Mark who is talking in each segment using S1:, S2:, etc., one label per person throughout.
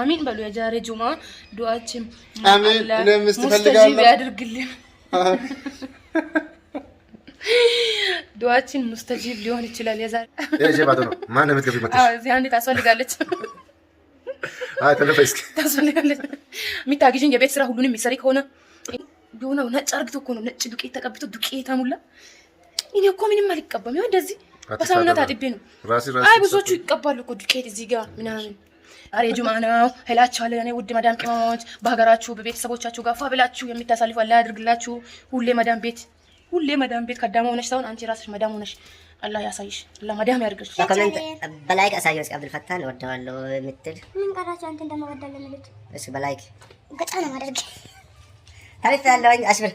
S1: አሚን በሉ። የዛሬ ጁማ ዱዓችን
S2: አሚን ሙስተጂብ ያድርግልን።
S1: ዱዓችን ሙስተጂብ ሊሆን ይችላል። የዛሬ
S2: እዚህ
S1: አንዴ ታስፈልጋለች
S2: ታስፈልጋለች።
S1: የሚታግዥን የቤት ስራ ሁሉንም የሚሰሪ ከሆነ የሆነ ነጭ አርግቶ እኮ ነው ነጭ ዱቄት ተቀብቶ ዱቄት ሙላ። እኔ እኮ ምንም አልቀባም። ይኸው እንደዚህ በሳሙና ታጥቤ ነው። አይ ብዙዎቹ ይቀባሉ እኮ ዱቄት እዚህ ጋር ምናምን ዛሬ ጁማ ነው እላችኋለሁ። እኔ ውድ መዳም ቅመሞች በሀገራችሁ በቤተሰቦቻችሁ ጋፋ ብላችሁ የምታሳልፉ አላህ ያድርግላችሁ። ሁሌ መዳም ቤት ሁሌ መዳም ቤት ከዳም ሆነሽ ሳይሆን አንቺ ራስሽ መዳም ሆነሽ አላህ ያሳይሽ። አላህ መዳም ያድርግሽ።
S3: በኮሜንት በላይክ አሳየው እስኪ አብዱልፈታን እወደዋለሁ የምትል
S1: ምን ቀራችሁ? አንተ እንደማወዳለ ምልት እሺ፣ በላይክ ገጫ ነው ማድረግ
S3: ታሪፍ ያለው አሽብር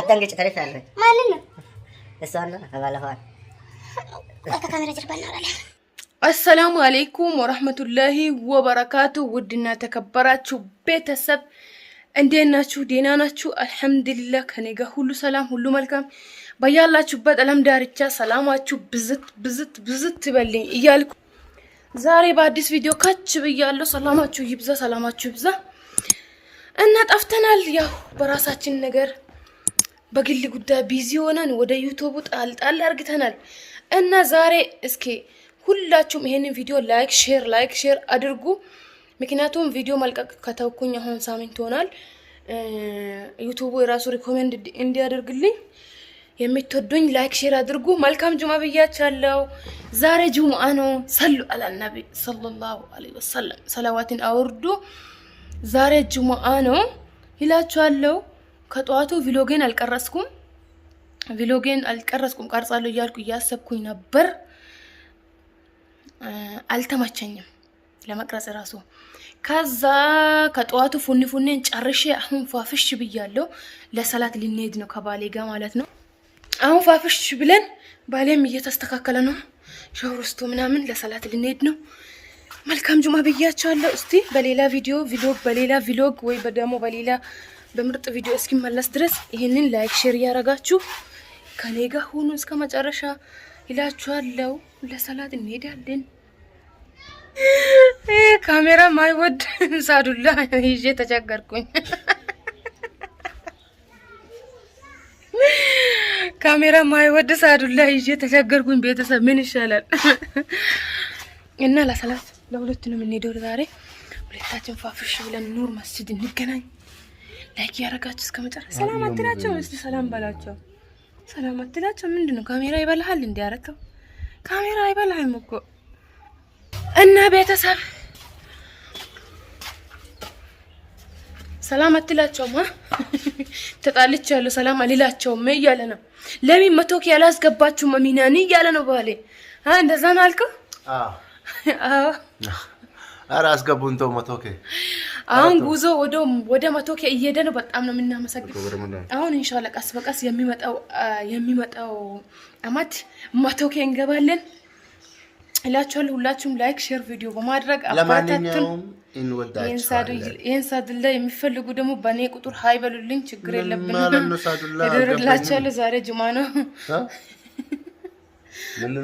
S3: አትደንግጭ። ታሪፍ ያለው ማለት ነው? እሷና ነው ባለፈዋል
S1: ከካሜራ ጀርባ እናወራለን አሰላሙ አሌይኩም ወረህመቱላሂ ወበረካቱ። ውድና ተከበራችሁ ቤተሰብ እንዴት ናችሁ? ዴና ናችሁ? አልሐምዱሊላ ከኔ ጋር ሁሉ ሰላም፣ ሁሉ መልካም። በያላችሁበት አለም ዳርቻ ሰላማችሁ ብዝት ብዝት ብዝት ይበልኝ እያልኩ ዛሬ በአዲስ ቪዲዮ ካች ብያለሁ። ሰላማችሁ ይብዛ፣ ሰላማችሁ ይብዛ። እና ጠፍተናል፣ ያው በራሳችን ነገር በግል ጉዳይ ቢዚ ሆነን ወደ ዩቱቡ ጣልጣል አርግተናል እና ዛሬ እስኪ ሁላችሁም ይሄንን ቪዲዮ ላይክ፣ ሼር፣ ላይክ፣ ሼር አድርጉ። ምክንያቱም ቪዲዮ መልቀቅ ከተውኩኝ አሁን ሳምንት ይሆናል። ዩቱቡ የራሱ ሪኮሜንድ እንዲያደርግልኝ የምትወዱኝ ላይክ ሼር አድርጉ። መልካም ጁማ ብያቻለው። ዛሬ ጁምአ ነው። ሰሉ አላነቢ ሰለላሁ ዐለይሂ ወሰለም ሰላዋትን አውርዱ። ዛሬ ጁምአ ነው ይላችኋለሁ። ከጠዋቱ ቪሎጌን አልቀረስኩም ቪሎጌን አልቀረስኩም ቀርጻለሁ እያልኩ እያሰብኩኝ ነበር። አልተመቸኝም ለመቅረጽ ራሱ። ከዛ ከጠዋቱ ፉኒ ፉኔን ጨርሼ አሁን ፏፍሽ ብያለሁ። ለሰላት ልንሄድ ነው ከባሌ ጋር ማለት ነው። አሁን ፏፍሽ ብለን ባሌም እየተስተካከለ ነው፣ ሻወር ውስጡ ምናምን ለሰላት ልንሄድ ነው። መልካም ጁማ ብያቸዋለሁ። እስቲ በሌላ ቪዲዮ ቪሎግ በሌላ ቪሎግ ወይ ደግሞ በሌላ በምርጥ ቪዲዮ እስኪመለስ ድረስ ይህንን ላይክ ሼር እያረጋችሁ ከኔ ጋር ሁኑ እስከ መጨረሻ። ይላችኋለው። ለሰላት እንሄዳለን። ካሜራ ማይወድ ሳዱላ ይዤ ተቸገርኩኝ። ካሜራ ማይወድ ሳዱላ ይዤ ተቸገርኩኝ። ቤተሰብ ምን ይሻላል? እና ለሰላት ለሁለት ነው የምንሄደው ዛሬ። ሁለታችን ፋፍሽ ብለን ኑር መስጅድ እንገናኝ። ላይክ ያደረጋችሁ እስከመጨረሻ ሰላም አትላቸው። እስቲ ሰላም በላቸው። ሰላም አትላቸው። ምንድን ነው ካሜራ ይበልሃል? እንዲያረከው ካሜራ አይበልህም እኮ እና ቤተሰብ ሰላም አትላቸውማ። ያለው ሰላም አልላቸውም እያለ ነው። ለምን መቶክ ኬ ያላስገባችሁ መሚናኒ እያለ ነው ባሌ። እንደዛ ነው አልከው? አዎ
S2: ኧረ አስገቡን ተው። መቶኬ
S1: አሁን ጉዞ ወደ ወደ መቶኬ እየሄደ ነው። በጣም ነው የምናመሰግን። አሁን ኢንሻላ ቀስ በቀስ የሚመጣው የሚመጣው አመት መቶኬ እንገባለን እላችኋለሁ። ሁላችሁም ላይክ፣ ሼር ቪዲዮ በማድረግ አባታቱን ይህን የሚፈልጉ ደግሞ በእኔ ቁጥር ሀይ በሉልኝ። ችግር የለብንም። እደርላችኋለሁ። ዛሬ ጅማ ነው። ምን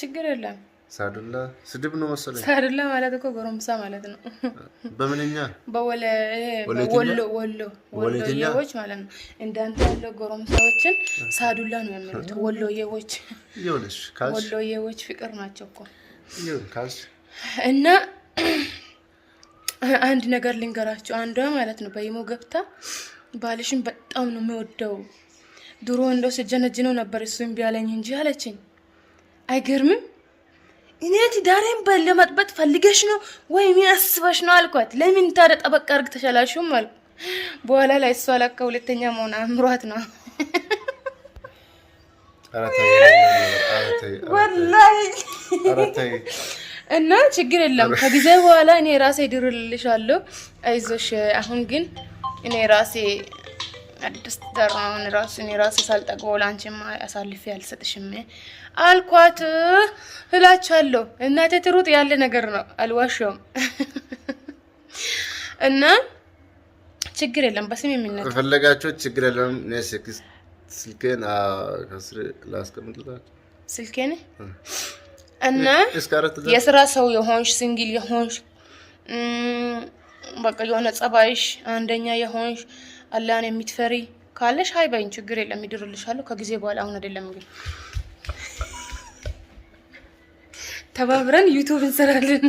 S1: ችግር የለም።
S2: ሳዱላ ስድብ ነው መሰለኝ።
S1: ሳዱላ ማለት እኮ ጎረምሳ ማለት ነው። በምንኛ ወሎ
S2: ወሎዬዎች
S1: ማለት ነው። እንዳንተ ያለው ጎረምሳዎችን ሳዱላ ነው የሚሉት። ወሎዬዎች ወሎዬዎች ፍቅር ናቸው እኮ ካልሽ እና አንድ ነገር ልንገራቸው። አንዷ ማለት ነው በይሞ ገብታ ባልሽን በጣም ነው የሚወደው ድሮ እንደው ስጀነጅነው ነበር እሱ እምቢ አለኝ እንጂ አለችኝ። አይገርምም? እኔ ትዳሬን ለመጥበጥ ፈልገሽ ነው ወይ የሚያስበሽ ነው አልኳት። ለምን ታዲያ ጠበቅ አድርገሽ ተሻላሽም አልኩ። በኋላ ላይ እሷ ለካ ሁለተኛ መሆን አምሯት ነው። ወላሂ እና ችግር የለም ከጊዜ በኋላ እኔ ራሴ ድርልልሻለሁ። አይዞሽ አሁን ግን እኔ ራሴ ቅድስት ዳርማውን ራሱን የራሱ ሳልጠግበው ለአንቺማ አሳልፌ አልሰጥሽም አልኳት እላችኋለሁ። እናቴ ትሩጥ ያለ ነገር ነው፣ አልዋሸውም። እና ችግር የለም በስም የሚነት
S2: ከፈለጋችሁ ችግር የለም። ስልኬን ከስር ላስቀምጥላችሁ
S1: ስልኬን እና የስራ ሰው የሆንሽ ሲንግል የሆንሽ በቃ የሆነ ጸባይሽ አንደኛ የሆንሽ አላህን የሚትፈሪ ካለሽ ሀይ ባይን ችግር የለም ይድርልሻለሁ። ከጊዜ በኋላ አሁን አይደለም ግን ተባብረን ዩቱብ እንሰራለን።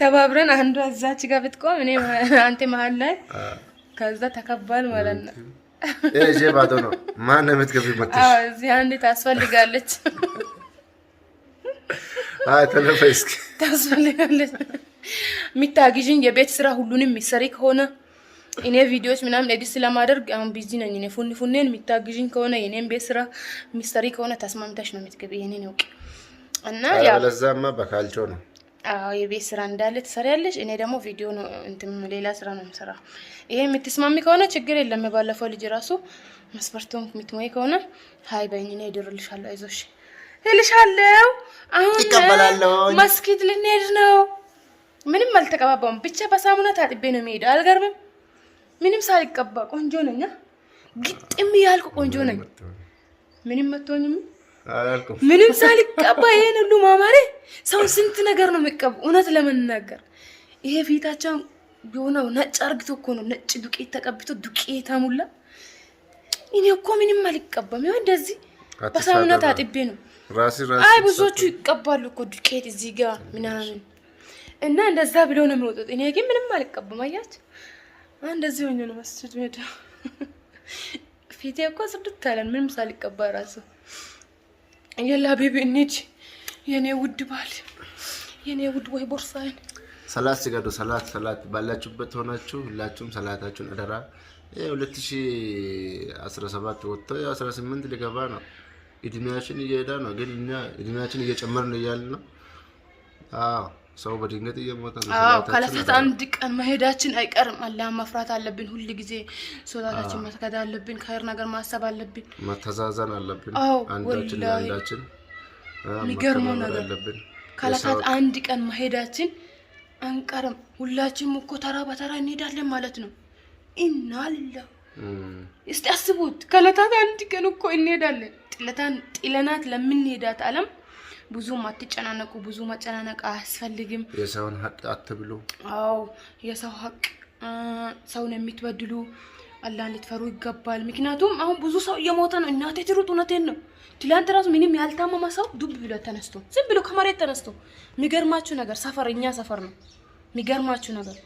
S1: ተባብረን አንዷ እዛች ጋር ብትቆም እኔ አንተ መሀል ላይ ከዛ ተከባል ማለት ነው።
S2: እጄ ባዶ ነው። ማን ነው የምትገቢው? መጥተሽ
S1: እዚህ አንዴ ታስፈልጋለች።
S2: አይ ተነፈስክ
S1: ታስፈልጋለች። ሚታግዥን የቤት ስራ ሁሉንም የሚሰሪ ከሆነ እኔ ቪዲዮዎች ምናምን ኤዲት ስለማደርግ አሁን ቢዚ ነኝ። እኔ ፉን ፉኔን የሚታግዥኝ ከሆነ የኔን ቤት ስራ የሚሰሪ ከሆነ ተስማምታሽ ነው የምትገቢ። ይሄንን ያውቅ እና
S2: ያለዛማ በካልቾ ነው
S1: የቤት ስራ እንዳለ ትሰሪያለሽ። እኔ ደግሞ ቪዲዮ ነው እንትን ሌላ ስራ ነው የምሰራ። ይሄ የምትስማሚ ከሆነ ችግር የለም። የባለፈው ልጅ ራሱ መስፈርቱን የምትሞይ ከሆነ ሀይ በይኝ፣ እኔ እድርልሻለሁ፣ አይዞሽ እልሻለሁ።
S2: አሁን
S1: መስጊድ ልንሄድ ነው። ምንም አልተቀባባውም፣ ብቻ በሳሙና ታጥቤ ነው የሚሄደው። አልገርምም ምንም ሳልቀባ ቆንጆ ነኝ። ግጥም ያልኩ ቆንጆ ነኝ። ምንም መቶኝም ምንም ሳልቀባ ይሄን ሁሉ ማማሬ ሰው ስንት ነገር ነው የሚቀቡ። እውነት ለመናገር ይሄ ፊታቸው የሆነ ነጭ አርግቶ እኮ ነው ነጭ ዱቄት ተቀብቶ ዱቄት ሙላ። እኔ እኮ ምንም አልቀባም። ይኸው እንደዚህ በሳሙና ታጥቤ ነው። አይ ብዙዎቹ ይቀባሉ እኮ ዱቄት እዚህ ጋር ምናምን እና እንደዛ ብለው ነው የሚወጡት። እኔ ግን ምንም አልቀባም። አያችሁ እንደዚህ ሆኜ ነው መስጂድ ሜዳ ፊቴ እኮ ስድት አለን። ምንም ሳልቀባ ራሱ የላ ቤቢ እንሂድ የኔ ውድ ባል የኔ ውድ ወይ ቦርሳዬን
S2: ሰላት ሲገዱ ሰላት ሰላት ባላችሁበት ሆናችሁ ሁላችሁም ሰላታችሁን አደራ። ሁለት ሺ አስራ ሰባት ወጥቶ አስራ ስምንት ሊገባ ነው። እድሜያችን እየሄዳ ነው፣ ግን እኛ እድሜያችን እየጨመርን እያልን ነው። አዎ ሰው በድንገት እየሞተ
S1: ነው። ከለታት አንድ ቀን መሄዳችን አይቀርም። አላህ መፍራት አለብን። ሁል ጊዜ ሶላታችን መስገድ አለብን። ከይር ነገር ማሰብ አለብን።
S2: መተዛዘን አለብን። አንዳችን አንዳችን የሚገርመው ነገር አለብን።
S1: አንድ ቀን መሄዳችን አንቀርም። ሁላችንም እኮ ተራ በተራ እንሄዳለን ማለት ነው። ኢናላ እስቲ አስቡት። ከለታት አንድ ቀን እኮ እንሄዳለን። ጥለታን ጥለናት ለምንሄዳት አለም ብዙም አትጨናነቁ። ብዙ መጨናነቅ አያስፈልግም።
S2: የሰውን ሀቅ አትብሉ።
S1: አዎ የሰው ሀቅ ሰውን የሚትበድሉ አላህን ልትፈሩ ይገባል። ምክንያቱም አሁን ብዙ ሰው እየሞተ ነው። እናቴ ትሩጥ እውነቴን ነው። ትላንት ራሱ ምንም ያልታመመ ሰው ዱብ ብሎ ተነስቶ ዝም ብሎ ከመሬት ተነስቶ የሚገርማችሁ ነገር ሰፈር እኛ ሰፈር ነው የሚገርማችሁ ነገር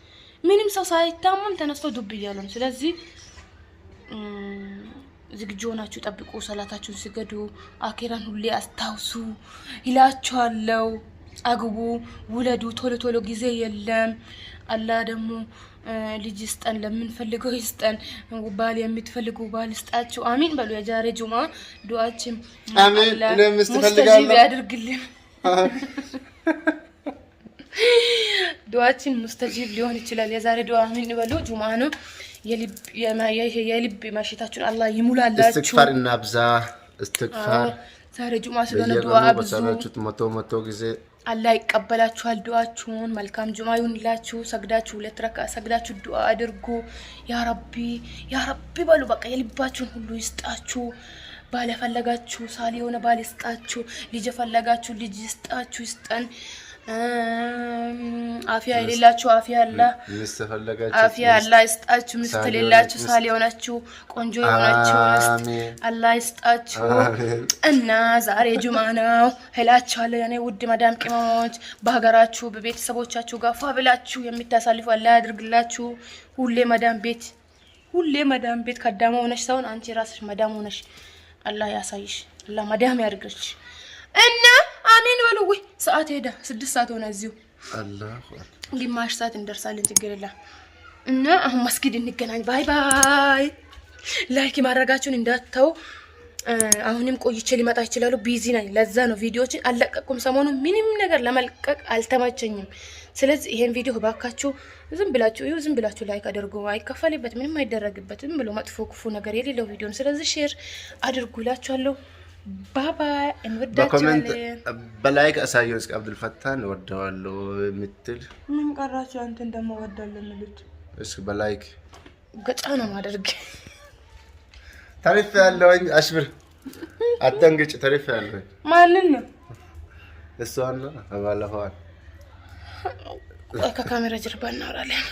S1: ምንም ሰው ሳይታመም ተነስቶ ዱብ እያለ ነው። ስለዚህ ዝግጁ ሆናችሁ ጠብቁ፣ ሰላታችሁን ስገዱ፣ አኬራን ሁሌ አስታውሱ ይላችኋለው። አግቡ፣ ውለዱ፣ ቶሎ ቶሎ ጊዜ የለም። አላ ደግሞ ልጅ ይስጠን፣ ለምንፈልገው ይስጠን። ባል የምትፈልጉ ባል ይስጣችሁ። አሚን በሉ። የዛሬ ጁማ ዱአችን
S2: ሙስተጂብ
S1: ያድርግልን፣ ዱአችን ሙስተጂብ ሊሆን ይችላል። የዛሬ ዱአ አሚን በሉ። ጁማ ነው። የልብ መሽታችሁን አላህ ይሙላላችሁ።
S2: እስትግፋር እናብዛ። እስትግፋር
S1: ዛሬ ጁማ ስለሆነ ዱዓ ብዙ
S2: መቶ መቶ ጊዜ
S1: አላህ ይቀበላችኋል ዱዓችሁን። መልካም ጁማ ይሁንላችሁ። ሰግዳችሁ ሁለት ረካ ሰግዳችሁ ዱዓ አድርጉ። ያ ረቢ ያ ረቢ በሉ። በቃ የልባችሁን ሁሉ ይስጣችሁ። ባለ ፈለጋችሁ ሳል የሆነ ባል ይስጣችሁ። ልጅ የፈለጋችሁ ልጅ ይስጣችሁ፣ ይስጠን አፍያ የሌላችሁ አፍያ አላ አፍያ አላ ይስጣችሁ። ሚስት የሌላችሁ ሳል የሆናችሁ ቆንጆ የሆናችሁ አላ ይስጣችሁ። እና ዛሬ ጁማ ነው እላችኋለሁ። የኔ ውድ መዳም ቅመሞች በሀገራችሁ በቤተሰቦቻችሁ ጋር ፏ ብላችሁ የሚታሳልፉ አላ ያድርግላችሁ። ሁሌ መዳም ቤት ሁሌ መዳም ቤት ከዳማ ሆነሽ ሳይሆን አንቺ ራስሽ መዳም ሆነሽ አላ ያሳይሽ። አላ መዳም ያድርግሽ እና አሜን በሉ ወይ ሰዓት ሄደ። ስድስት ሰዓት ሆነ። እዚሁ ግማሽ ሰዓት እንደርሳለን። ችግር የለም እና አሁን መስጊድ እንገናኝ። ባይ ባይ። ላይክ ማድረጋችሁን እንዳትተው። አሁንም ቆይቼ ሊመጣ ይችላሉ። ቢዚ ነኝ። ለዛ ነው ቪዲዮዎችን አልለቀቁም። ሰሞኑ ምንም ነገር ለመልቀቅ አልተመቸኝም። ስለዚህ ይሄን ቪዲዮ ባካችሁ ዝም ብላችሁ ይሁ ዝም ብላችሁ ላይክ አድርጉ። አይከፈልበት፣ ምንም አይደረግበት። ዝም ብሎ መጥፎ ክፉ ነገር የሌለው ቪዲዮን ስለዚህ ሼር አድርጉላችኋለሁ። ባባይ እንወዳቸዋለን።
S2: በላይክ አሳየው። እስከ አብዱልፈታን እወደዋለሁ የምትል
S1: ምን ቀራቸው? አንተ እንደማወዳለሁ የሚሉት እስኪ በላይክ ገጫ ነው ማደርግ
S2: ተሪፍ ያለውኝ አሽብር አትደንግጭ። ተሪፍ ያለውኝ ማንን ነው? እሷን ነው ባለፈዋል።
S1: ከካሜራ ጀርባ እናወራለን።